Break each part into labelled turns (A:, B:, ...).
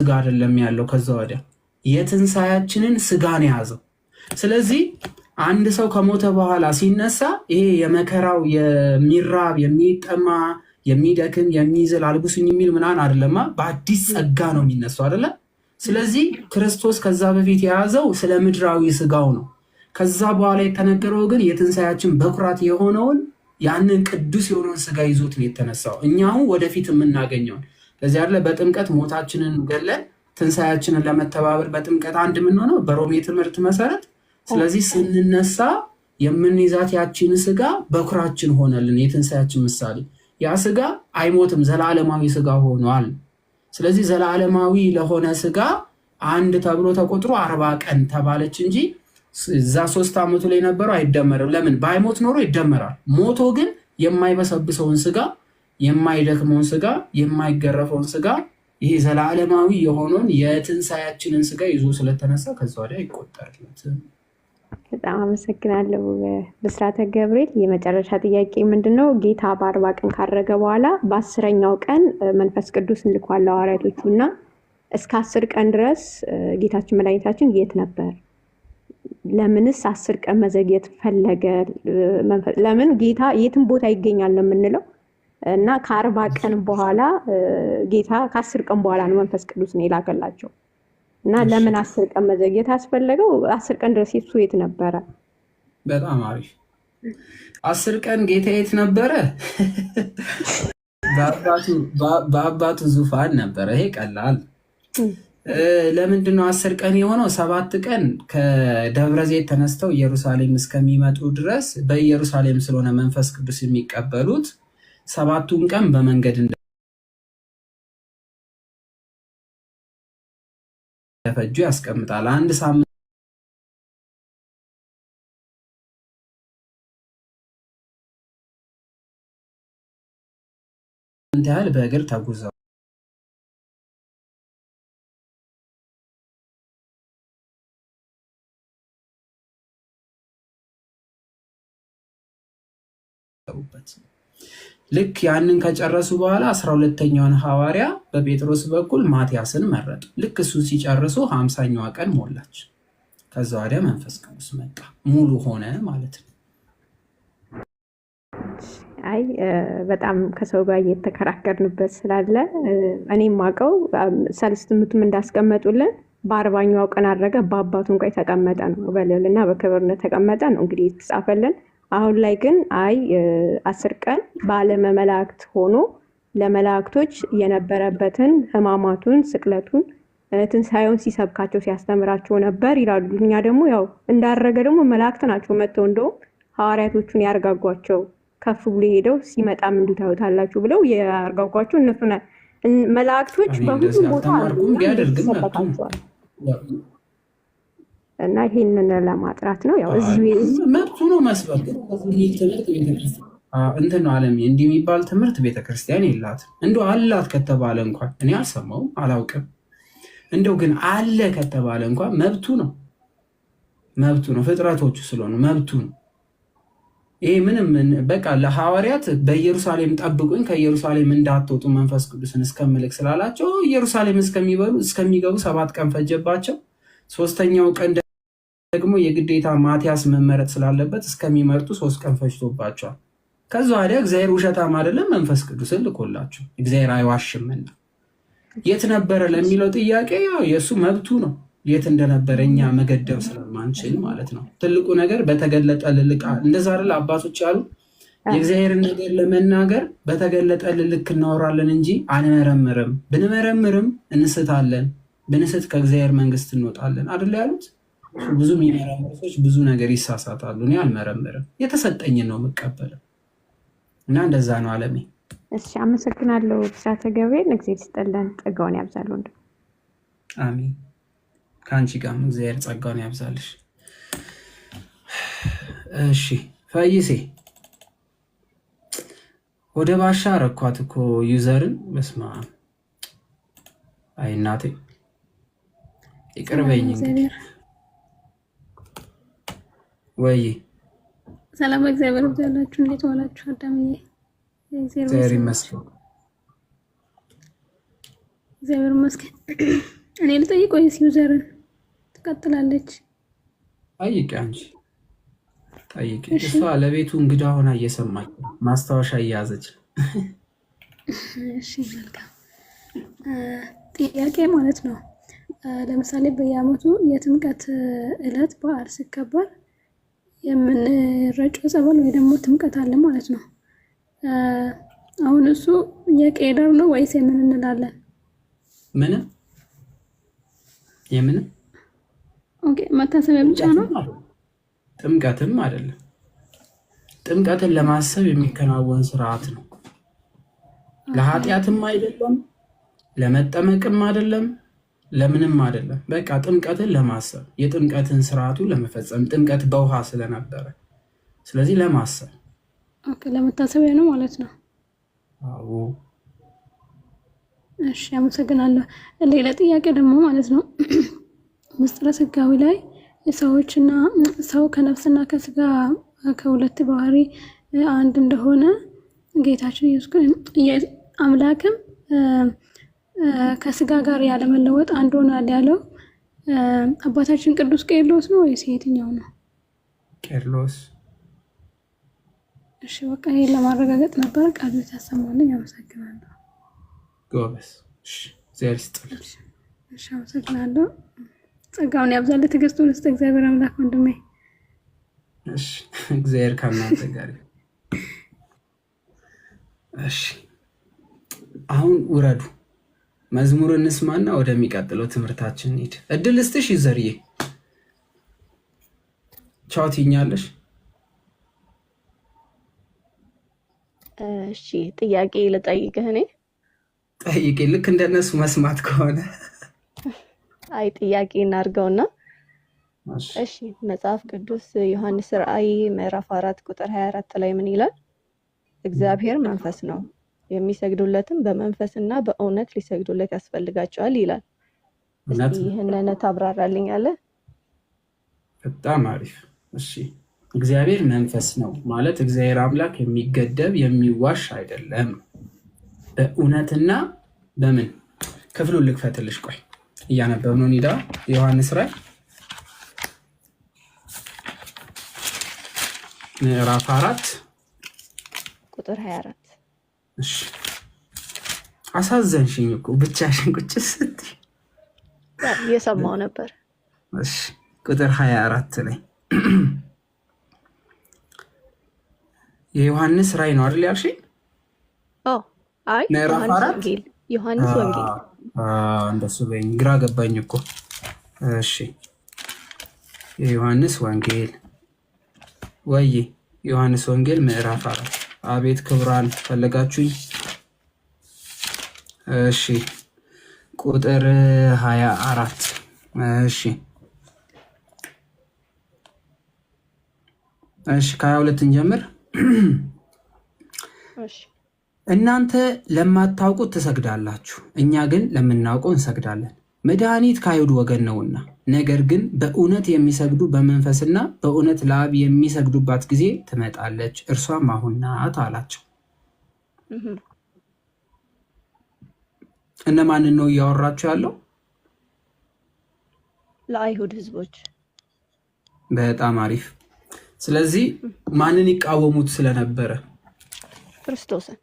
A: ስጋ አይደለም ያለው። ከዛ ወዲያ የትንሣያችንን ስጋን የያዘው። ስለዚህ አንድ ሰው ከሞተ በኋላ ሲነሳ ይሄ የመከራው የሚራብ የሚጠማ የሚደክም የሚዝል አልጉስኝ የሚል ምናን አይደለማ። በአዲስ ጸጋ ነው የሚነሳው አይደለ? ስለዚህ ክርስቶስ ከዛ በፊት የያዘው ስለ ምድራዊ ስጋው ነው። ከዛ በኋላ የተነገረው ግን የትንሣያችን በኩራት የሆነውን ያንን ቅዱስ የሆነውን ስጋ ይዞት ነው የተነሳው። እኛሁ ወደፊት የምናገኘውን ለዚህ አይደለ በጥምቀት ሞታችንን ገለን ትንሳያችንን ለመተባበር በጥምቀት አንድ የምንሆነው በሮሜ ትምህርት መሰረት። ስለዚህ ስንነሳ የምንይዛት ያቺን ስጋ በኩራችን ሆነልን፣ የትንሳያችን ምሳሌ። ያ ስጋ አይሞትም፣ ዘላለማዊ ስጋ ሆኗል። ስለዚህ ዘላለማዊ ለሆነ ስጋ አንድ ተብሎ ተቆጥሮ አርባ ቀን ተባለች እንጂ እዛ ሶስት ዓመቱ ላይ ነበረው አይደመርም። ለምን? በአይሞት ኖሮ ይደመራል። ሞቶ ግን የማይበሰብሰውን ስጋ የማይደክመውን ስጋ የማይገረፈውን ስጋ ይሄ ዘላለማዊ የሆነውን የትንሳያችንን ስጋ ይዞ ስለተነሳ ከዛ ወዲያ አይቆጠርለትም።
B: በጣም አመሰግናለሁ ብስራተ ገብርኤል። የመጨረሻ ጥያቄ ምንድን ነው? ጌታ በአርባ ቀን ካረገ በኋላ በአስረኛው ቀን መንፈስ ቅዱስ ልኳል ለሐዋርያቶቹ እና እስከ አስር ቀን ድረስ ጌታችን መድኃኒታችን የት ነበር? ለምንስ አስር ቀን መዘግየት ፈለገ? ለምን ጌታ የትም ቦታ ይገኛል ነው የምንለው እና ከአርባ ቀን በኋላ ጌታ ከአስር ቀን በኋላ ነው መንፈስ ቅዱስ ነው የላከላቸው። እና ለምን አስር ቀን መዘግየት አስፈለገው? አስር ቀን ድረስ የሱ የት ነበረ?
A: በጣም አሪፍ። አስር ቀን ጌታ የት ነበረ? በአባቱ ዙፋን ነበረ። ይሄ ቀላል። ለምንድን ነው አስር ቀን የሆነው? ሰባት ቀን ከደብረ ዘይት ተነስተው ኢየሩሳሌም እስከሚመጡ ድረስ በኢየሩሳሌም ስለሆነ መንፈስ ቅዱስ የሚቀበሉት ሰባቱን ቀን በመንገድ እንደፈጁ ያስቀምጣል። አንድ ሳምንት ያህል በእግር ተጉዘው ልክ ያንን ከጨረሱ በኋላ አስራ ሁለተኛውን ሐዋርያ በጴጥሮስ በኩል ማቲያስን መረጡ። ልክ እሱ ሲጨርሱ ሀምሳኛዋ ቀን ሞላች። ከዛ ወዲያ መንፈስ ቅዱስ መጣ፣ ሙሉ ሆነ ማለት ነው።
B: አይ በጣም ከሰው ጋር እየተከራከርንበት ስላለ እኔም አውቀው ሰልስት ምቱም እንዳስቀመጡልን በአርባኛው ቀን አድረገ በአባቱን ቀኝ ተቀመጠ ነው በልዕልና በክብርነት ተቀመጠ ነው እንግዲህ የተጻፈልን አሁን ላይ ግን አይ አስር ቀን በዓለመ ሆኖ ለመላእክቶች የነበረበትን ህማማቱን ስቅለቱን፣ ትንሣኤውን ሲሰብካቸው ሲያስተምራቸው ነበር ይላሉ። እኛ ደግሞ ያው እንዳረገ ደግሞ መላእክት ናቸው መጥተው እንደውም ሐዋርያቶቹን ያርጋጓቸው ከፍ ብሎ ሄደው ሲመጣም እንዲሁ ታዩታላችሁ ብለው ያርጋጓቸው እነሱ መላእክቶች
A: በሁሉም ቦታ ያደርግሰበታቸዋል
B: እና ይህንን ለማጥራት ነው ያው
A: መብቱ ነው መስበር እንትን ነው አለም እንዲህ የሚባል ትምህርት ቤተክርስቲያን የላት እንደ አላት ከተባለ እንኳን እኔ አልሰማውም አላውቅም። እንደው ግን አለ ከተባለ እንኳን መብቱ ነው መብቱ ነው ፍጥረቶቹ ስለሆኑ መብቱ ነው። ይሄ ምንም በቃ ለሐዋርያት በኢየሩሳሌም ጠብቁኝ ከኢየሩሳሌም እንዳትወጡ መንፈስ ቅዱስን እስከምልክ ስላላቸው ኢየሩሳሌም እስከሚበሉ እስከሚገቡ ሰባት ቀን ፈጀባቸው። ሶስተኛው ቀን ደግሞ የግዴታ ማቲያስ መመረጥ ስላለበት እስከሚመርጡ ሶስት ቀን ፈጅቶባቸዋል። ከዛ ወዲያ እግዚአብሔር ውሸታም አይደለም፣ መንፈስ ቅዱስ ልኮላቸው እግዚአብሔር አይዋሽምና የት ነበረ ለሚለው ጥያቄ ያው የእሱ መብቱ ነው። የት እንደነበረ እኛ መገደብ ስለማንችል ማለት ነው። ትልቁ ነገር በተገለጠ ልልቃ እንደዛ አይደል አባቶች ያሉ የእግዚአብሔርን ነገር ለመናገር በተገለጠ ልልክ እናወራለን እንጂ አንመረምርም። ብንመረምርም እንስታለን፣ ብንስት ከእግዚአብሔር መንግስት እንወጣለን አይደል ያሉት ብዙ የሚመረምሩ ሰዎች ብዙ ነገር ይሳሳታሉ። እኔ አልመረምርም፣ የተሰጠኝን ነው የምቀበለው እና እንደዛ ነው አለሜ።
B: እሺ አመሰግናለሁ። ብስራተ ገብርኤል እግዚአብሔር ይስጥልን፣ ጸጋውን ያብዛሉ። እንደ
A: አሜን። ከአንቺ ጋርም እግዚአብሔር ጸጋውን ያብዛልሽ። እሺ ፈይሴ ወደ ባሻ ረኳት እኮ ዩዘርን በስማ አይናቴ ይቅርበኝ እንግዲህ ወይ
B: ሰላም እግዚአብሔር ብዛላችሁ። እንዴት ዋላችሁ?
A: አዳምዬ እግዚአብሔር ይመስገን።
B: እግዚአብሔር ይመስገን። እኔ ልጠይቅ ወይስ ዩዘርን ትቀጥላለች?
A: ጠይቂ አንቺ ጠይቂ። እሷ ለቤቱ እንግዳ ሆና እየሰማች ማስታወሻ እየያዘች እሺ፣
B: መልካም ጥያቄ ማለት ነው። ለምሳሌ በየአመቱ የጥምቀት ዕለት በዓል ሲከበር የምንረጨው ጸበል ወይ ደግሞ ትምቀት አለ ማለት ነው። አሁን እሱ የቄደር ነው ወይስ የምን እንላለን? የምን ኦኬ፣ መታሰቢያ ብቻ ነው።
A: ጥምቀትም አይደለም። ጥምቀትን ለማሰብ የሚከናወን ስርዓት ነው። ለኃጢአትም አይደለም፣ ለመጠመቅም አይደለም ለምንም አይደለም። በቃ ጥምቀትን ለማሰብ የጥምቀትን ስርዓቱ ለመፈጸም ጥምቀት በውሃ ስለነበረ ስለዚህ ለማሰብ
B: ለመታሰቢያ ነው ማለት ነው። አዎ እሺ፣ አመሰግናለሁ። ሌላ ጥያቄ ደግሞ ማለት ነው ምስጢረ ስጋዊ ላይ ሰዎችና ሰው ከነፍስና ከስጋ ከሁለት ባህሪ አንድ እንደሆነ ጌታችን ኢየሱስ አምላክም ከስጋ ጋር ያለመለወጥ አንድ ሆኗል ያለው አባታችን ቅዱስ ቄርሎስ ነው ወይስ የትኛው ነው? ቄርሎስ። እሺ በቃ ይሄን ለማረጋገጥ ነበር። ቃሉ ያሰማልኝ። አመሰግናለሁ።
A: ጎበስ። እግዚአብሔር ስጥልሽ።
B: እሺ አመሰግናለሁ። ጸጋውን ያብዛለ ትዕግስቱን ስጥ። እግዚአብሔር አምላክ ወንድሜ።
A: እሺ እግዚአብሔር ከእናንተ ጋር። እሺ አሁን ውረዱ። መዝሙር እንስማና ወደሚቀጥለው ትምህርታችን ሂድ። እድል ስትሽ ይዘርዬ ቻው ትይኛለሽ።
B: እሺ ጥያቄ ልጠይቅህ እኔ።
A: ጠይቄ ልክ እንደነሱ መስማት ከሆነ
B: አይ ጥያቄ እናድርገውና እሺ መጽሐፍ ቅዱስ ዮሐንስ ራእይ ምዕራፍ አራት ቁጥር ሀያ አራት ላይ ምን ይላል? እግዚአብሔር መንፈስ ነው የሚሰግዱለትም በመንፈስና በእውነት ሊሰግዱለት ያስፈልጋቸዋል ይላል። ይህንን ታብራራልኝ አለ።
A: በጣም አሪፍ። እሺ እግዚአብሔር መንፈስ ነው ማለት እግዚአብሔር አምላክ የሚገደብ የሚዋሽ አይደለም። በእውነትና በምን ክፍሉን ልክፈትልሽ፣ ቆይ እያነበብ ነው። ኒዳ ዮሐንስ ራይ ምዕራፍ አራት
B: ቁጥር 24
A: አሳዘንሽኝ እኮ ብቻሽን ቁጭ ስትይ
B: እየሰማው ነበር።
A: ቁጥር ሀያ አራት ላይ የዮሐንስ ራይ ነው አይደል ያልሽኝ? አይ እንደሱ በይኝ፣ ግራ ገባኝ እኮ። እሺ የዮሐንስ ወንጌል ወይ ዮሐንስ ወንጌል ምዕራፍ አራት አቤት ክብራን ፈለጋችሁኝ። እሺ ቁጥር ሀያ አራት እሺ እሺ ከሀያ ሁለት እንጀምር። እናንተ ለማታውቁት ትሰግዳላችሁ፣ እኛ ግን ለምናውቀው እንሰግዳለን፣ መድኃኒት ከአይሁድ ወገን ነውና ነገር ግን በእውነት የሚሰግዱ በመንፈስና በእውነት ለአብ የሚሰግዱባት ጊዜ ትመጣለች፣ እርሷም አሁን ናት አላቸው። እነማንን ነው እያወራቸው ያለው?
B: ለአይሁድ ህዝቦች።
A: በጣም አሪፍ። ስለዚህ ማንን ይቃወሙት ስለነበረ? ክርስቶስን።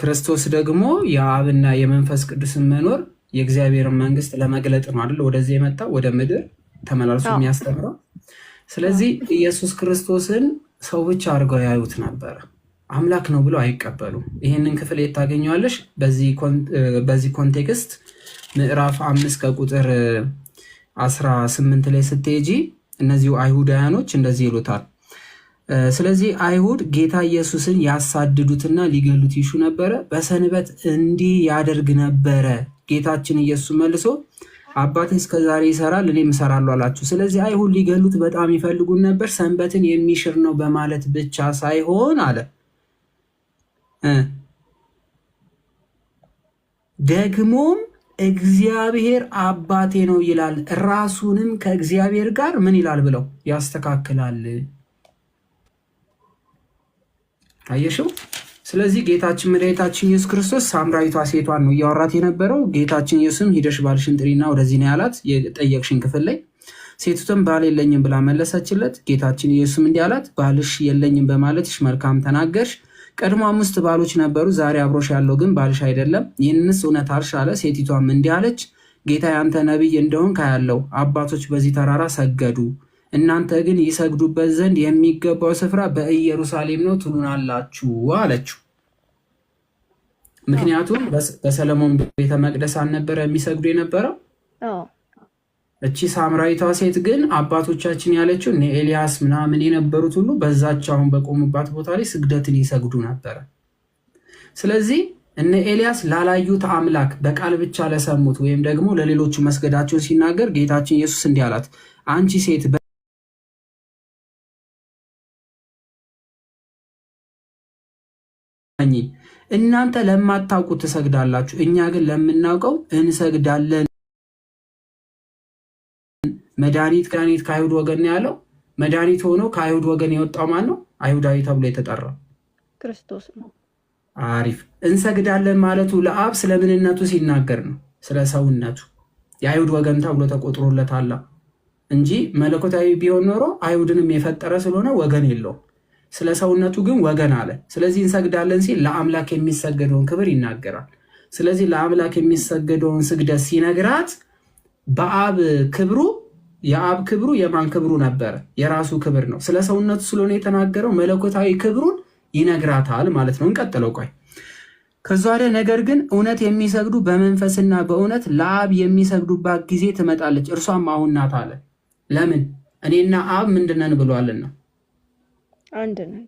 A: ክርስቶስ ደግሞ የአብና የመንፈስ ቅዱስን መኖር የእግዚአብሔርን መንግስት ለመግለጥ ነው አይደል? ወደዚህ የመጣው ወደ ምድር ተመላልሶ የሚያስተምረው። ስለዚህ ኢየሱስ ክርስቶስን ሰው ብቻ አድርገው ያዩት ነበረ፣ አምላክ ነው ብለው አይቀበሉም። ይህንን ክፍል የታገኘዋለሽ በዚህ ኮንቴክስት ምዕራፍ አምስት ከቁጥር አስራ ስምንት ላይ ስትሄጂ እነዚሁ አይሁዳውያኖች እንደዚህ ይሉታል ስለዚህ አይሁድ ጌታ ኢየሱስን ያሳድዱትና ሊገሉት ይሹ ነበረ፣ በሰንበት እንዲህ ያደርግ ነበረ ጌታችን ኢየሱስ መልሶ አባቴ እስከዛሬ ይሰራል እኔም እሰራለሁ አላችሁ። ስለዚህ አይሁድ ሊገሉት በጣም ይፈልጉን ነበር፣ ሰንበትን የሚሽር ነው በማለት ብቻ ሳይሆን አለ ደግሞም እግዚአብሔር አባቴ ነው ይላል፣ ራሱንም ከእግዚአብሔር ጋር ምን ይላል ብለው ያስተካክላል። አየሽው? ስለዚህ ጌታችን መድኃኒታችን ኢየሱስ ክርስቶስ ሳምራዊቷ ሴቷን ነው እያወራት የነበረው። ጌታችን ኢየሱስም ሂደሽ ባልሽን ጥሪና ወደዚህ ነው ያላት የጠየቅሽን ክፍል ላይ። ሴቱትም ባል የለኝም ብላ መለሰችለት። ጌታችን ኢየሱስም እንዲህ አላት፣ ባልሽ የለኝም በማለትሽ መልካም ተናገርሽ። ቀድሞ አምስት ባሎች ነበሩ፣ ዛሬ አብሮሽ ያለው ግን ባልሽ አይደለም። ይህንስ እውነት አልሽ አለ። ሴቲቷም እንዲህ አለች፣ ጌታ ያንተ ነቢይ እንደሆን ካያለው አባቶች በዚህ ተራራ ሰገዱ እናንተ ግን ይሰግዱበት ዘንድ የሚገባው ስፍራ በኢየሩሳሌም ነው ትሉናላችሁ አለችው። ምክንያቱም በሰለሞን ቤተ መቅደስ አልነበረ የሚሰግዱ የነበረው። እቺ ሳምራዊቷ ሴት ግን አባቶቻችን ያለችው እነ ኤልያስ ምናምን የነበሩት ሁሉ በዛች አሁን በቆሙባት ቦታ ላይ ስግደትን ይሰግዱ ነበረ። ስለዚህ እነ ኤልያስ ላላዩት አምላክ በቃል ብቻ ለሰሙት ወይም ደግሞ ለሌሎቹ መስገዳቸውን ሲናገር ጌታችን ኢየሱስ እንዲህ አላት፣ አንቺ ሴት እናንተ ለማታውቁ ትሰግዳላችሁ፣ እኛ ግን ለምናውቀው እንሰግዳለን። መድኃኒት መድኃኒት ከአይሁድ ወገን ያለው። መድኃኒት ሆኖ ከአይሁድ ወገን የወጣው ማን ነው? አይሁዳዊ ተብሎ የተጠራው
B: ክርስቶስ ነው።
A: አሪፍ። እንሰግዳለን ማለቱ ለአብ ስለምንነቱ ሲናገር ነው፣ ስለ ሰውነቱ የአይሁድ ወገን ተብሎ ተቆጥሮለታል እንጂ መለኮታዊ ቢሆን ኖሮ አይሁድንም የፈጠረ ስለሆነ ወገን የለውም። ስለ ሰውነቱ ግን ወገን አለ። ስለዚህ እንሰግዳለን ሲል ለአምላክ የሚሰገደውን ክብር ይናገራል። ስለዚህ ለአምላክ የሚሰገደውን ስግደት ሲነግራት በአብ ክብሩ የአብ ክብሩ የማን ክብሩ ነበረ? የራሱ ክብር ነው። ስለ ሰውነቱ ስለሆነ የተናገረው መለኮታዊ ክብሩን ይነግራታል ማለት ነው። እንቀጥለው ቆይ ከዛ ወዲያ ነገር ግን እውነት የሚሰግዱ በመንፈስና በእውነት ለአብ የሚሰግዱባት ጊዜ ትመጣለች፣ እርሷም አሁን ናት አለ። ለምን እኔና አብ ምንድነን ብሏልና አንድ ነን።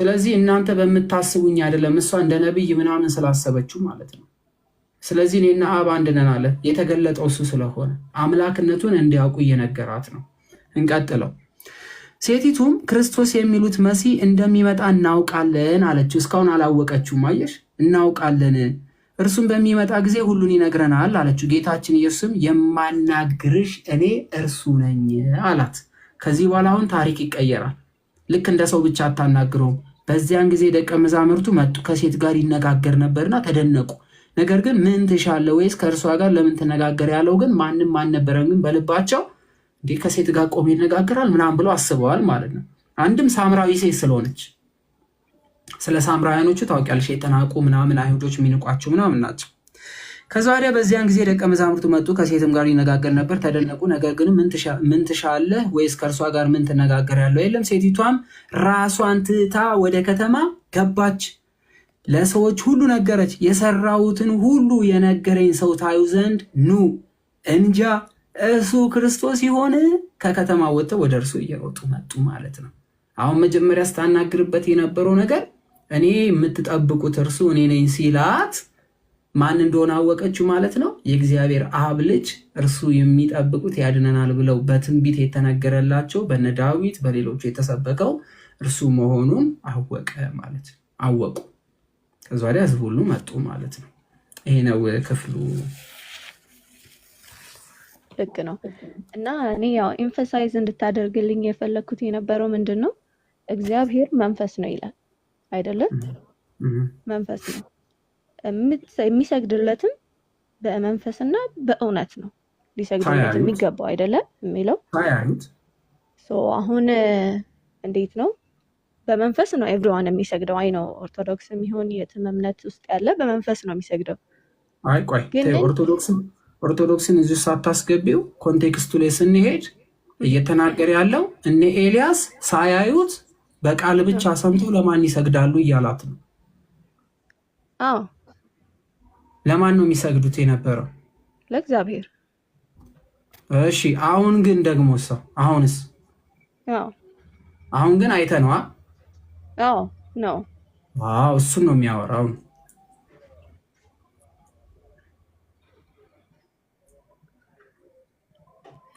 A: ስለዚህ እናንተ በምታስቡኝ አይደለም፣ እሷ እንደ ነቢይ ምናምን ስላሰበችው ማለት ነው። ስለዚህ እኔና አብ አንድ ነን አለ። የተገለጠው እሱ ስለሆነ አምላክነቱን እንዲያውቁ እየነገራት ነው። እንቀጥለው። ሴቲቱም ክርስቶስ የሚሉት መሲህ እንደሚመጣ እናውቃለን አለችው። እስካሁን አላወቀችውም። አየሽ፣ እናውቃለን እርሱም በሚመጣ ጊዜ ሁሉን ይነግረናል አለችው። ጌታችን ኢየሱስም የማናግርሽ እኔ እርሱ ነኝ አላት። ከዚህ በኋላ አሁን ታሪክ ይቀየራል። ልክ እንደ ሰው ብቻ አታናግረውም። በዚያን ጊዜ ደቀ መዛሙርቱ መጡ፣ ከሴት ጋር ይነጋገር ነበርና ተደነቁ። ነገር ግን ምን ትሻለ ወይስ ከእርሷ ጋር ለምን ትነጋገር ያለው ግን ማንም አልነበረም። ግን በልባቸው እንዲህ ከሴት ጋር ቆሞ ይነጋገራል ምናምን ብለው አስበዋል ማለት ነው። አንድም ሳምራዊ ሴት ስለሆነች ስለ ሳምራውያኖቹ ታውቂያለሽ፣ የተናቁ ምናምን አይሁዶች የሚንቋቸው ምናምን ናቸው። ከዛ ወዲያ በዚያን ጊዜ ደቀ መዛሙርቱ መጡ፣ ከሴትም ጋር ይነጋገር ነበር፣ ተደነቁ። ነገር ግን ምን ትሻለህ? ወይስ ከእርሷ ጋር ምን ያለው የለም። ሴቲቷም ራሷን ትታ ወደ ከተማ ገባች፣ ለሰዎች ሁሉ ነገረች። የሰራሁትን ሁሉ የነገረኝ ሰው ታዩ ዘንድ ኑ፣ እንጃ እሱ ክርስቶስ ይሆን? ከከተማ ወጥተው ወደ እርሱ እየሮጡ መጡ ማለት ነው። አሁን መጀመሪያ ስታናግርበት የነበረው ነገር እኔ የምትጠብቁት እርሱ እኔ ነኝ ሲላት ማን እንደሆነ አወቀችው ማለት ነው። የእግዚአብሔር አብ ልጅ እርሱ የሚጠብቁት ያድነናል ብለው በትንቢት የተነገረላቸው በነ ዳዊት በሌሎቹ የተሰበከው እርሱ መሆኑን አወቀ ማለት ነው። አወቁ። ከዚ ወዲያ ህዝብ ሁሉ መጡ ማለት ነው። ይሄ ነው ክፍሉ።
B: ልክ ነው። እና እኔ ያው ኤምፈሳይዝ እንድታደርግልኝ የፈለግኩት የነበረው ምንድን ነው፣ እግዚአብሔር መንፈስ ነው ይላል አይደለም? መንፈስ ነው የሚሰግድለትም በመንፈስና በእውነት ነው ሊሰግድለት የሚገባው አይደለም የሚለው አሁን እንዴት ነው በመንፈስ ነው ኤቭሪዋን የሚሰግደው አይ ነው ኦርቶዶክስ የሚሆን የትም እምነት ውስጥ ያለ በመንፈስ ነው የሚሰግደው
A: አይ ቆይ ኦርቶዶክስን እዚ ሳታስገቢው ኮንቴክስቱ ላይ ስንሄድ እየተናገረ ያለው እነ ኤልያስ ሳያዩት በቃል ብቻ ሰምቶ ለማን ይሰግዳሉ እያላት ነው አዎ ለማን ነው የሚሰግዱት የነበረው? ለእግዚአብሔር። እሺ አሁን ግን ደግሞ ሰው አሁንስ አሁን ግን አይተነዋ ነው እሱን ነው የሚያወራው።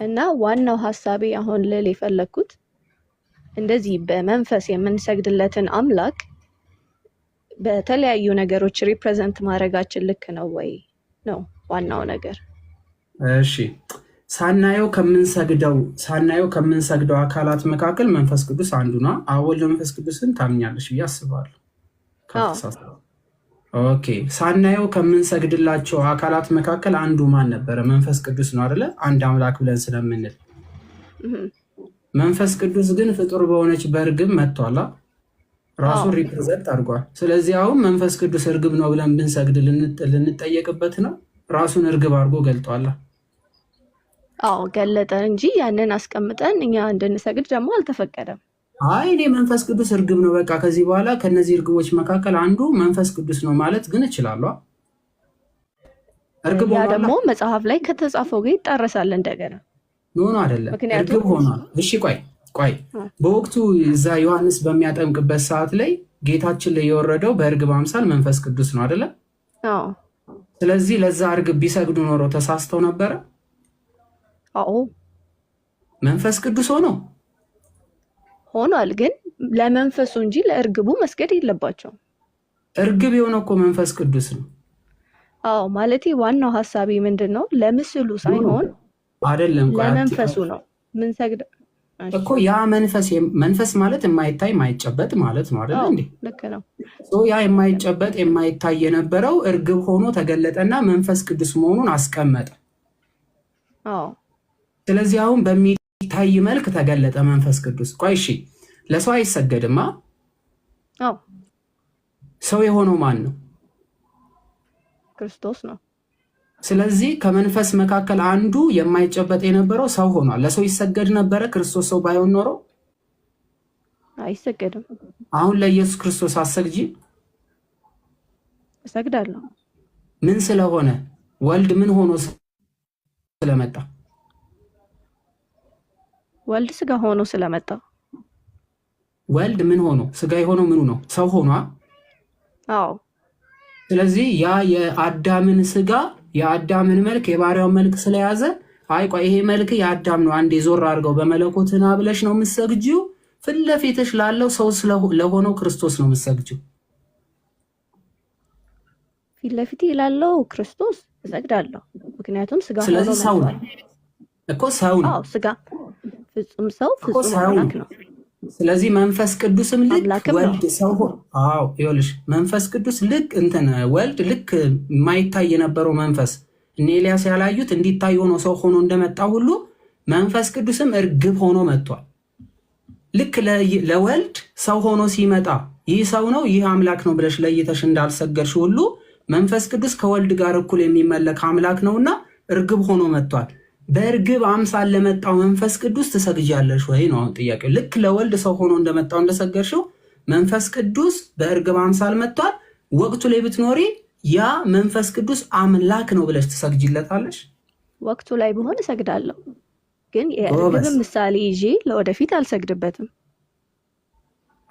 B: እና ዋናው ሀሳቤ አሁን ልል የፈለግኩት እንደዚህ በመንፈስ የምንሰግድለትን አምላክ በተለያዩ ነገሮች ሪፕሬዘንት ማድረጋችን ልክ ነው ወይ ነው ዋናው ነገር።
A: እሺ ሳናየው ከምንሰግደው ሳናየው ከምንሰግደው አካላት መካከል መንፈስ ቅዱስ አንዱ ነው። አወል ለመንፈስ ቅዱስን ታምኛለሽ ብዬ አስባለሁ። ኦኬ ሳናየው ከምንሰግድላቸው አካላት መካከል አንዱ ማን ነበረ? መንፈስ ቅዱስ ነው አይደለ? አንድ አምላክ ብለን ስለምንል መንፈስ ቅዱስ ግን ፍጡር በሆነች በእርግም መጥቷላ ራሱን ሪፕሬዘንት አድርጓል። ስለዚህ አሁን መንፈስ ቅዱስ እርግብ ነው ብለን ብንሰግድ ልንጠየቅበት ነው። ራሱን እርግብ አድርጎ ገልጧል
B: አዎ ገለጠ እንጂ ያንን አስቀምጠን እኛ እንድንሰግድ ደግሞ አልተፈቀደም።
A: አይ እኔ መንፈስ ቅዱስ እርግብ ነው በቃ ከዚህ በኋላ ከነዚህ እርግቦች መካከል አንዱ መንፈስ ቅዱስ ነው ማለት ግን እችላለሁ።
B: እርግብ ያ ደግሞ መጽሐፍ ላይ ከተጻፈው ጋር ይጣረሳል እንደገና።
A: ኖ አይደለም፣ እርግብ ሆኗል። እሺ ቆይ ቆይ በወቅቱ እዛ ዮሐንስ በሚያጠምቅበት ሰዓት ላይ ጌታችን ላይ የወረደው በእርግብ አምሳል መንፈስ ቅዱስ ነው አይደለም? ስለዚህ ለዛ እርግብ ቢሰግዱ ኖሮ ተሳስተው ነበረ? አዎ መንፈስ ቅዱስ ሆኖ
B: ሆኗል። ግን ለመንፈሱ እንጂ ለእርግቡ መስገድ የለባቸውም።
A: እርግብ የሆነ እኮ መንፈስ ቅዱስ ነው።
B: አዎ ማለት ዋናው ሀሳቢ ምንድን ነው? ለምስሉ ሳይሆን አይደለም፣ ለመንፈሱ ነው ምን
A: እኮ ያ መንፈስ መንፈስ ማለት የማይታይ የማይጨበጥ ማለት ነው አይደል እንዴ? ያ የማይጨበጥ የማይታይ የነበረው እርግብ ሆኖ ተገለጠና መንፈስ ቅዱስ መሆኑን አስቀመጠ። ስለዚህ አሁን በሚታይ መልክ ተገለጠ መንፈስ ቅዱስ። ቆይ እሺ፣ ለሰው አይሰገድማ። ሰው የሆነው ማን ነው? ክርስቶስ ነው። ስለዚህ ከመንፈስ መካከል አንዱ የማይጨበጥ የነበረው ሰው ሆኗል። ለሰው ይሰገድ ነበረ። ክርስቶስ ሰው ባይሆን ኖሮ አይሰገድም። አሁን ለኢየሱስ ክርስቶስ አሰግጂ? እሰግዳለሁ። ምን ስለሆነ? ወልድ ምን ሆኖ ስለመጣ
B: ወልድ ስጋ ሆኖ ስለመጣ
A: ወልድ ምን ሆኖ ስጋ የሆነው ምኑ ነው? ሰው ሆኗ። አዎ። ስለዚህ ያ የአዳምን ስጋ የአዳምን መልክ የባሪያውን መልክ ስለያዘ አይ ቆይ ይሄ መልክ የአዳም ነው፣ አንዴ ዞር አድርገው በመለኮትን አብለሽ ነው የምትሰግጂው? ፊት ለፊትሽ ላለው ሰው ለሆነው ክርስቶስ ነው የምትሰግጂው?
B: ፊት ለፊት ላለው ክርስቶስ እሰግዳለሁ። ምክንያቱም ስጋ
A: ስለዚህ ሰው ነው እኮ ሰው
B: ነው ስጋ ፍጹም ሰው
A: ፍጹም ነው ስለዚህ መንፈስ ቅዱስም ልክ ወልድ ሰው አዎ ይኸውልሽ መንፈስ ቅዱስ ልክ እንትን ወልድ ልክ የማይታይ የነበረው መንፈስ እነ ኤልያስ ያላዩት እንዲታይ ሆኖ ሰው ሆኖ እንደመጣ ሁሉ መንፈስ ቅዱስም እርግብ ሆኖ መጥቷል። ልክ ለወልድ ሰው ሆኖ ሲመጣ ይህ ሰው ነው ይህ አምላክ ነው ብለሽ ለይተሽ እንዳልሰገድሽ ሁሉ መንፈስ ቅዱስ ከወልድ ጋር እኩል የሚመለክ አምላክ ነውና እርግብ ሆኖ መጥቷል። በእርግብ አምሳል ለመጣው መንፈስ ቅዱስ ትሰግጃለሽ ወይ ነው ጥያቄው። ልክ ለወልድ ሰው ሆኖ እንደመጣው እንደሰገድሽው መንፈስ ቅዱስ በእርግብ አምሳል መጥቷል። ወቅቱ ላይ ብትኖሪ ያ መንፈስ ቅዱስ አምላክ ነው ብለሽ ትሰግጅለታለሽ?
B: ወቅቱ ላይ ብሆን እሰግዳለሁ፣ ግን የእርግብን ምሳሌ ይዤ ለወደፊት አልሰግድበትም።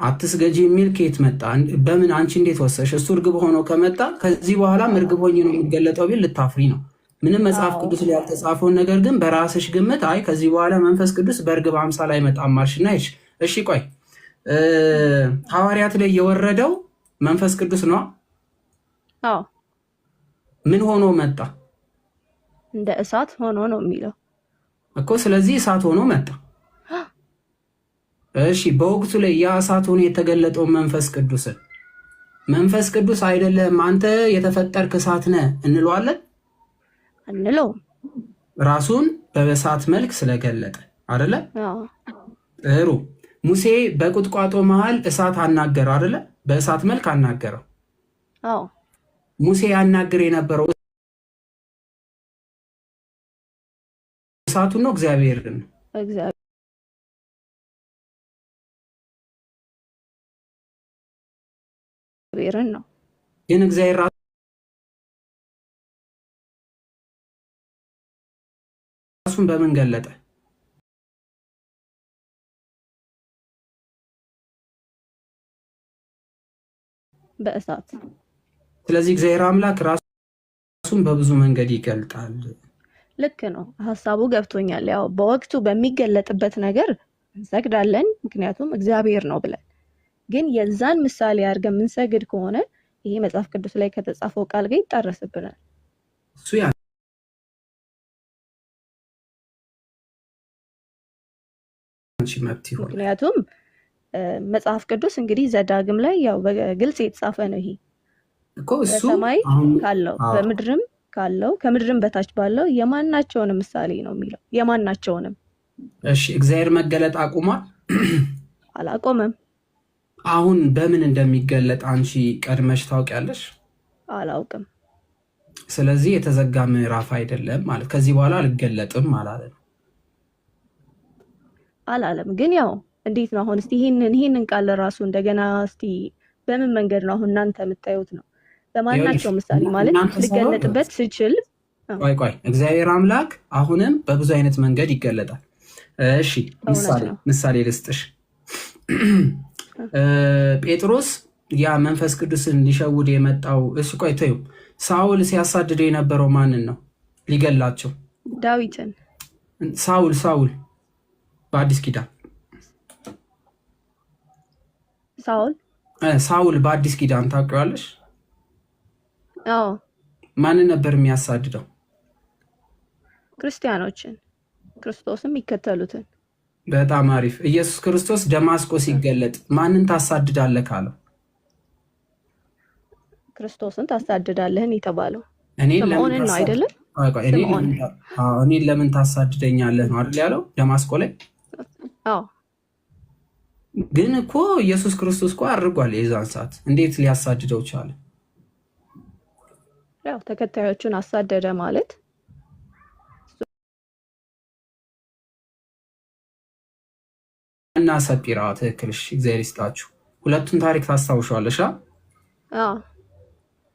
A: አትስገጂ የሚል ከየት መጣ? በምን አንቺ እንዴት ወሰሽ? እሱ እርግብ ሆኖ ከመጣ ከዚህ በኋላም እርግብ ሆኜ ነው የሚገለጠው ቢል ልታፍሪ ነው። ምንም መጽሐፍ ቅዱስ ላይ ያልተጻፈውን ነገር ግን በራስሽ ግምት አይ ከዚህ በኋላ መንፈስ ቅዱስ በእርግብ ላይ አይመጣም አልሽና፣ ይሽ እሺ፣ ቆይ ሐዋርያት ላይ የወረደው መንፈስ ቅዱስ ነው። ምን ሆኖ መጣ?
B: እንደ እሳት ሆኖ ነው የሚለው
A: እኮ። ስለዚህ እሳት ሆኖ መጣ። እሺ፣ በወቅቱ ላይ ያ እሳት ሆኖ የተገለጠው መንፈስ ቅዱስን መንፈስ ቅዱስ አይደለም አንተ የተፈጠርክ እሳት ነህ እንለዋለን አንለውም። ራሱን በበሳት መልክ ስለገለጠ አደለ? ጥሩ ሙሴ በቁጥቋጦ መሃል እሳት አናገረው አደለ? በእሳት መልክ አናገረው። ሙሴ ያናግር የነበረው እሳቱን ነው እግዚአብሔርን ነው
B: እግዚአብሔርን ነው
A: ግን እግዚአብሔር ራሱን በምን ገለጠ? በእሳት። ስለዚህ እግዚአብሔር አምላክ ራሱን በብዙ መንገድ ይገልጣል።
B: ልክ ነው፣ ሀሳቡ ገብቶኛል። ያው በወቅቱ በሚገለጥበት ነገር እንሰግዳለን፣ ምክንያቱም እግዚአብሔር ነው ብለን። ግን የዛን ምሳሌ አድርገን የምንሰግድ ከሆነ ይሄ መጽሐፍ ቅዱስ ላይ ከተጻፈው ቃል ጋር ይጣረስብናል።
A: እሱ ያ ምክንያቱም
B: መጽሐፍ ቅዱስ እንግዲህ ዘዳግም ላይ ያው በግልጽ የተጻፈ ነው። ይሄ በሰማይ ካለው በምድርም ካለው ከምድርም በታች ባለው የማናቸውንም ምሳሌ ነው የሚለው። የማናቸውንም
A: እሺ፣ እግዚአብሔር መገለጥ አቁሟል? አላቆመም። አሁን በምን እንደሚገለጥ አንቺ ቀድመሽ ታውቂያለሽ? አላውቅም። ስለዚህ የተዘጋ ምዕራፍ አይደለም ማለት ከዚህ በኋላ አልገለጥም ነው።
B: አላለም። ግን ያው እንዴት ነው አሁን እስቲ ይሄንን ይሄንን ቃል ራሱ እንደገና እስቲ በምን መንገድ ነው አሁን እናንተ የምታዩት ነው? በማናቸው ምሳሌ ማለት ልገለጥበት ስችል
A: ቆይ ቆይ እግዚአብሔር አምላክ አሁንም በብዙ አይነት መንገድ ይገለጣል። እሺ ምሳሌ ምሳሌ ልስጥሽ። ጴጥሮስ ያ መንፈስ ቅዱስን ሊሸውድ የመጣው እሱ ቆይ ተይው። ሳውል ሲያሳድደው የነበረው ማንን ነው? ሊገላቸው ዳዊትን። ሳውል ሳውል በአዲስ ኪዳን ሳውል ሳውል በአዲስ ኪዳን ታውቂዋለሽ? አዎ። ማንን ነበር የሚያሳድደው?
B: ክርስቲያኖችን፣ ክርስቶስም ይከተሉትን።
A: በጣም አሪፍ። ኢየሱስ ክርስቶስ ደማስቆ ሲገለጥ ማንን ታሳድዳለህ ካለው
B: ክርስቶስን ታሳድዳለህን የተባለው እኔን ለምን
A: ታሳድደኛለህ ነው አይደል ያለው ደማስቆ ላይ ግን እኮ ኢየሱስ ክርስቶስ እኮ አድርጓል። የዛን ሰዓት እንዴት ሊያሳድደው ቻለ?
B: ያው ተከታዮቹን አሳደደ ማለት
A: እና ሰጲራ ትክክል እግዚአብሔር ይስጣችሁ። ሁለቱን ታሪክ ታስታውሻለሽ?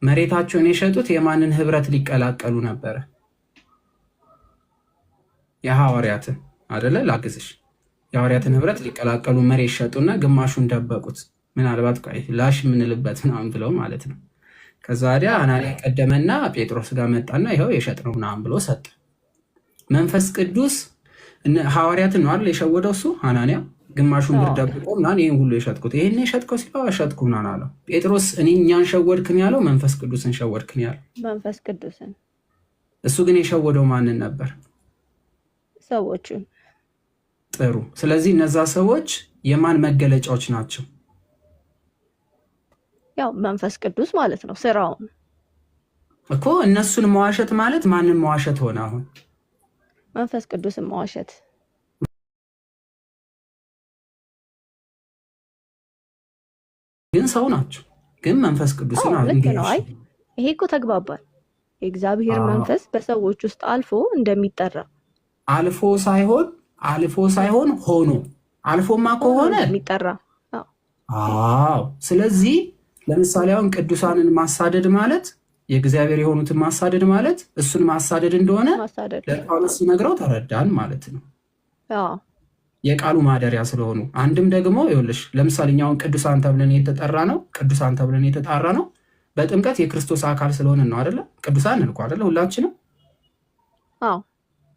A: መሬታቸውን የሸጡት የማንን ህብረት ሊቀላቀሉ ነበረ? የሐዋርያትን አደለ? ላግዝሽ የሐዋርያትን ህብረት ሊቀላቀሉ መሬት ሸጡና ግማሹን ደበቁት። ምናልባት ላሽ የምንልበት ምናምን ብለው ማለት ነው። ከዛ ወዲያ አናንያ ቀደመና ጴጥሮስ ጋር መጣና ይኸው የሸጥነው ምናምን ብሎ ሰጠ። መንፈስ ቅዱስ ሐዋርያትን ነው አይደል የሸወደው እሱ አናንያ ግማሹን ብር ደብቆ ምናምን ይህን ሁሉ የሸጥኩት ይህን የሸጥከው ሲለው አሸጥኩ ምናምን አለው። ጴጥሮስ እኔ እኛን ሸወድክን ያለው መንፈስ ቅዱስን ሸወድክን ያለው
B: መንፈስ ቅዱስን።
A: እሱ ግን የሸወደው ማንን ነበር? ሰዎቹን ጥሩ። ስለዚህ እነዛ ሰዎች የማን መገለጫዎች ናቸው?
B: ያው መንፈስ ቅዱስ ማለት ነው። ስራውን
A: እኮ እነሱን መዋሸት ማለት ማንን መዋሸት ሆነ? አሁን
B: መንፈስ ቅዱስን መዋሸት
A: ግን ሰው ናቸው፣ ግን መንፈስ ቅዱስ
B: ይሄ እኮ ተግባባል። የእግዚአብሔር መንፈስ በሰዎች ውስጥ አልፎ እንደሚጠራ
A: አልፎ ሳይሆን አልፎ ሳይሆን ሆኖ አልፎማ ከሆነ የሚጠራ አዎ። ስለዚህ ለምሳሌ አሁን ቅዱሳንን ማሳደድ ማለት የእግዚአብሔር የሆኑትን ማሳደድ ማለት እሱን ማሳደድ እንደሆነ ለጳውሎስ ሲነግረው ተረዳን ማለት ነው። የቃሉ ማደሪያ ስለሆኑ አንድም ደግሞ ይኸውልሽ ለምሳሌ እኛ ቅዱሳን ተብለን የተጠራ ነው ቅዱሳን ተብለን የተጣራ ነው በጥምቀት የክርስቶስ አካል ስለሆነ ነው አይደለ? ቅዱሳን እንልኩ አደለ? ሁላችንም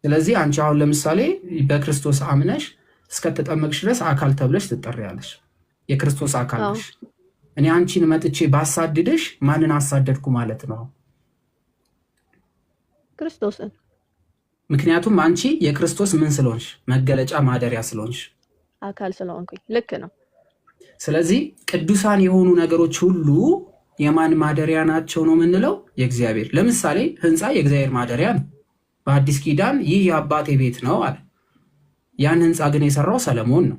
A: ስለዚህ አንቺ አሁን ለምሳሌ በክርስቶስ አምነሽ እስከተጠመቅሽ ድረስ አካል ተብለሽ ትጠሪያለሽ። የክርስቶስ አካል ነሽ። እኔ አንቺን መጥቼ ባሳድድሽ ማንን አሳደድኩ ማለት ነው? ክርስቶስን። ምክንያቱም አንቺ የክርስቶስ ምን ስለሆንሽ፣ መገለጫ ማደሪያ ስለሆንሽ፣
B: አካል ስለሆንኩኝ ልክ ነው።
A: ስለዚህ ቅዱሳን የሆኑ ነገሮች ሁሉ የማን ማደሪያ ናቸው ነው የምንለው? የእግዚአብሔር። ለምሳሌ ህንፃ የእግዚአብሔር ማደሪያ ነው። በአዲስ ኪዳን ይህ የአባቴ ቤት ነው አለ። ያን ህንፃ ግን የሰራው ሰለሞን ነው።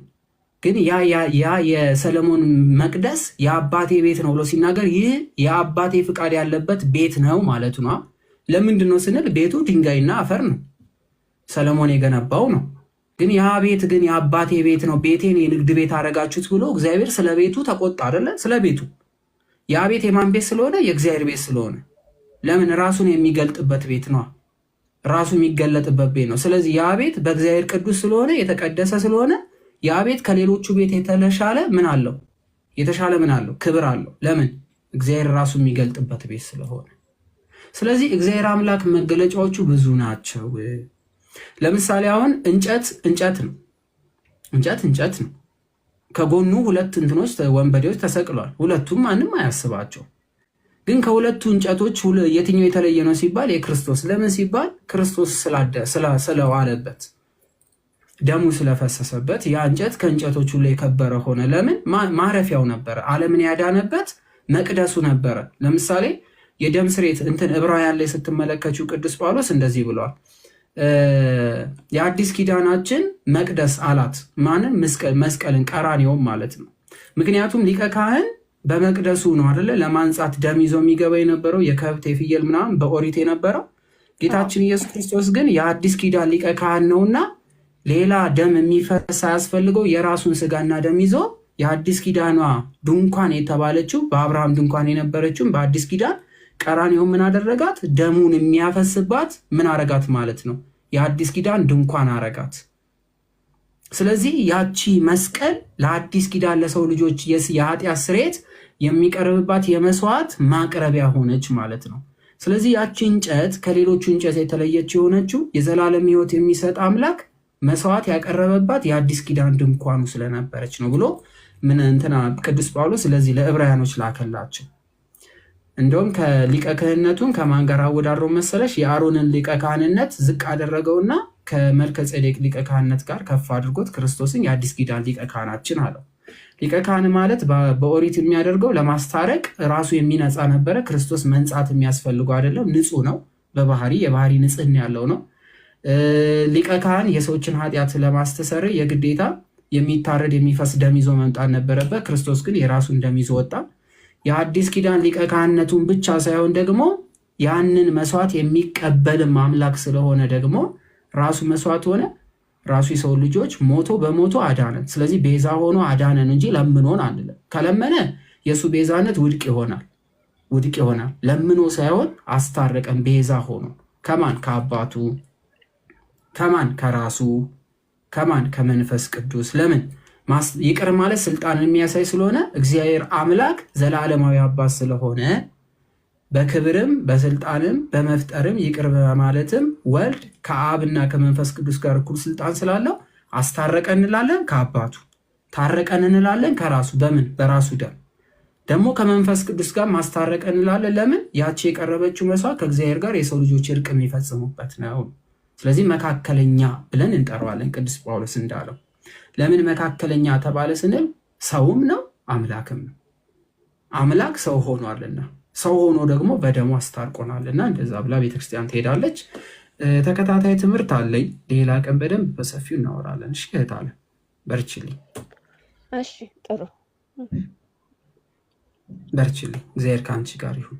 A: ግን ያ የሰለሞን መቅደስ የአባቴ ቤት ነው ብሎ ሲናገር ይህ የአባቴ ፍቃድ ያለበት ቤት ነው ማለቱ ነ ለምንድን ነው ስንል ቤቱ ድንጋይና አፈር ነው፣ ሰለሞን የገነባው ነው። ግን ያ ቤት ግን የአባቴ ቤት ነው፣ ቤቴን የንግድ ቤት አደረጋችሁት ብሎ እግዚአብሔር ስለ ቤቱ ተቆጣ አደለ? ስለ ቤቱ ያ ቤት የማን ቤት ስለሆነ? የእግዚአብሔር ቤት ስለሆነ ለምን ራሱን የሚገልጥበት ቤት ነው? ራሱ የሚገለጥበት ቤት ነው። ስለዚህ ያ ቤት በእግዚአብሔር ቅዱስ ስለሆነ የተቀደሰ ስለሆነ ያ ቤት ከሌሎቹ ቤት የተሻለ ምን አለው? የተሻለ ምን አለው? ክብር አለው። ለምን? እግዚአብሔር ራሱ የሚገልጥበት ቤት ስለሆነ። ስለዚህ እግዚአብሔር አምላክ መገለጫዎቹ ብዙ ናቸው። ለምሳሌ አሁን እንጨት እንጨት ነው። እንጨት እንጨት ነው። ከጎኑ ሁለት እንትኖች ወንበዴዎች ተሰቅሏል። ሁለቱም ማንም አያስባቸው ግን ከሁለቱ እንጨቶች የትኛው የተለየ ነው ሲባል የክርስቶስ። ለምን ሲባል ክርስቶስ ስለዋለበት ደሙ ስለፈሰሰበት ያ እንጨት ከእንጨቶቹ ላይ የከበረ ሆነ። ለምን ማረፊያው ነበረ፣ አለምን ያዳነበት መቅደሱ ነበረ። ለምሳሌ የደም ስሬት እንትን ዕብራውያን ላይ ስትመለከችው ቅዱስ ጳውሎስ እንደዚህ ብሏል። የአዲስ ኪዳናችን መቅደስ አላት ማንን? መስቀልን፣ ቀራንዮን ማለት ነው። ምክንያቱም ሊቀ ካህን በመቅደሱ ነው አደለ ለማንጻት ደም ይዞ የሚገባ የነበረው የከብት የፍየል ምናምን በኦሪት የነበረው ጌታችን ኢየሱስ ክርስቶስ ግን የአዲስ ኪዳን ሊቀ ካህን ነውና ሌላ ደም የሚፈስ ያስፈልገው የራሱን ስጋና ደም ይዞ የአዲስ ኪዳኗ ድንኳን የተባለችው በአብርሃም ድንኳን የነበረችውም በአዲስ ኪዳን ቀራኔው ምን አደረጋት? ደሙን የሚያፈስባት ምን አረጋት ማለት ነው። የአዲስ ኪዳን ድንኳን አረጋት። ስለዚህ ያቺ መስቀል ለአዲስ ኪዳን ለሰው ልጆች የኃጢአት ስርየት የሚቀርብባት የመስዋዕት ማቅረቢያ ሆነች ማለት ነው። ስለዚህ ያቺ እንጨት ከሌሎቹ እንጨት የተለየች የሆነችው የዘላለም ሕይወት የሚሰጥ አምላክ መስዋዕት ያቀረበባት የአዲስ ኪዳን ድንኳኑ ስለነበረች ነው ብሎ ምን እንትና ቅዱስ ጳውሎስ ስለዚህ ለዕብራውያኖች ላከላቸው። እንደውም ከሊቀ ክህነቱን ከማን ጋር አወዳድሮ መሰለሽ? የአሮንን ሊቀ ካህንነት ዝቅ አደረገውና ከመልከ ጼዴቅ ሊቀ ካህንነት ጋር ከፍ አድርጎት ክርስቶስን የአዲስ ኪዳን ሊቀ ካህናችን አለው። ሊቀ ካህን ማለት በኦሪት የሚያደርገው ለማስታረቅ ራሱ የሚነጻ ነበረ። ክርስቶስ መንጻት የሚያስፈልገው አይደለም። ንጹህ ነው። በባህሪ የባህሪ ንጽህና ያለው ነው። ሊቀ ካህን የሰዎችን ኃጢአት ለማስተሰር የግዴታ የሚታረድ የሚፈስ ደም ይዞ መምጣት ነበረበት። ክርስቶስ ግን የራሱን ደም ይዞ ወጣ። የአዲስ ኪዳን ሊቀ ካህንነቱን ብቻ ሳይሆን ደግሞ ያንን መስዋዕት የሚቀበልም አምላክ ስለሆነ ደግሞ ራሱ መስዋዕት ሆነ። ራሱ የሰው ልጆች ሞቶ በሞቶ አዳነን። ስለዚህ ቤዛ ሆኖ አዳነን እንጂ ለምኖን አንልም። ከለመነ የእሱ ቤዛነት ውድቅ ይሆናል ውድቅ ይሆናል። ለምኖ ሳይሆን አስታረቀን ቤዛ ሆኖ ከማን ከአባቱ ከማን ከራሱ ከማን ከመንፈስ ቅዱስ ለምን ይቅር ማለት ስልጣንን የሚያሳይ ስለሆነ እግዚአብሔር አምላክ ዘላለማዊ አባት ስለሆነ በክብርም በስልጣንም በመፍጠርም ይቅር በማለትም ወልድ ከአብና ከመንፈስ ቅዱስ ጋር እኩል ስልጣን ስላለው አስታረቀ እንላለን። ከአባቱ ታረቀን እንላለን። ከራሱ በምን በራሱ ደም ደግሞ ከመንፈስ ቅዱስ ጋር ማስታረቀ እንላለን። ለምን ያቺ የቀረበችው መስዋዕት ከእግዚአብሔር ጋር የሰው ልጆች እርቅ የሚፈጽሙበት ነው። ስለዚህ መካከለኛ ብለን እንጠራዋለን። ቅዱስ ጳውሎስ እንዳለው ለምን መካከለኛ ተባለ ስንል ሰውም ነው አምላክም ነው። አምላክ ሰው ሆኗልና ሰው ሆኖ ደግሞ በደሙ አስታርቆናል እና እንደዛ ብላ ቤተክርስቲያን ትሄዳለች። ተከታታይ ትምህርት አለኝ። ሌላ ቀን በደንብ በሰፊው እናወራለን። እሺ እህታለ በርችልኝ። እሺ ጥሩ በርችልኝ። እግዚአብሔር ከአንቺ ጋር ይሁን።